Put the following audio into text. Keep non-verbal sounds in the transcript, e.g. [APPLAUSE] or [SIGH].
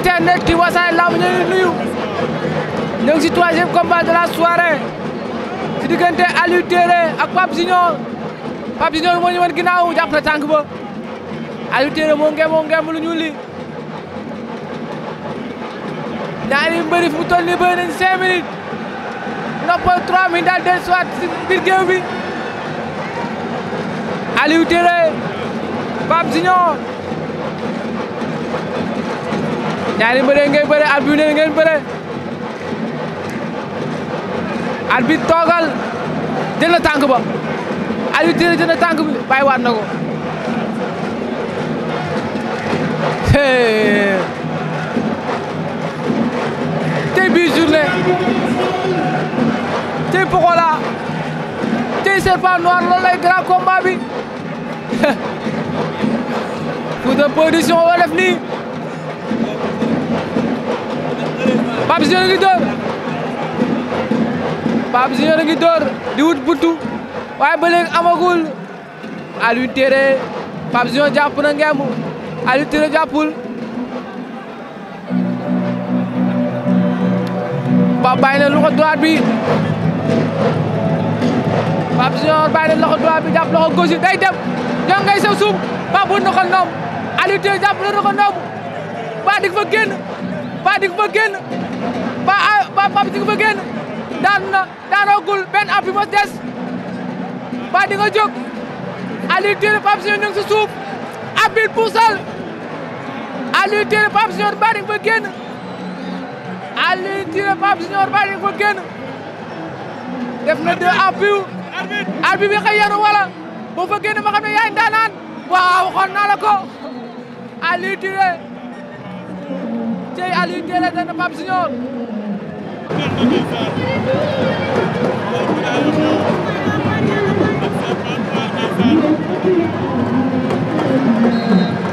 internet ki Wassare Lamb ñu ngi nuyu ñu si troisième combat de la soirée si diggante Aliou Téere ak Pape Junior Pape Junior moo ñu woon ginnaaw na tànk ba Aliou Téere moo ngeem moo ngeem lu ñuul mbëri fu mu toll nii bëri nañ cinq minutes noppal trois minutes daal del si biir géew bi Aliou Téere Pape Junior ñaari mbëre ngay bëre arbitre bi ne ngeen bëre arbitre toogal jël na tànk ba arbitre jël na tànk bi bàyyiwaat na ko tey bii journée tey Pokola tey Serpent Noir loolu lay grand combat bi [LAUGHS] Fouta Production woo nii Pape Junior a ngi dóor Pape Junior ngi dóor di wut buntu waaye ba léegi amagul Alioune Tere jàpp na ngemb Alioune Tere jàppul Pape bàyyi na loxo droite bi Pape Junior bàyyi na loxo droite bi jàpp loxo gauche day dem ñoo ngay sa suuf Pape wut na ko Tere jàpp na ko noom ba dig fa Paa di ko fa génn Paa ah, Paa di ko fa génn daan na daanoogul benn appui mos des Paa di nga jóg Aliou Tine Pape Senior ñu ngi si suuf appui puusal Aliou Tine Pape Senior Paa di nga fa génn Aliou Tine Pape fa génn def na deux appui appui bi xëy yanu wala boo fa génn ma xam ne yaay ndaanaan waaw waxoon naa la ko Aliou Tine tey Aliou teel a dana Pape Signor Thank you.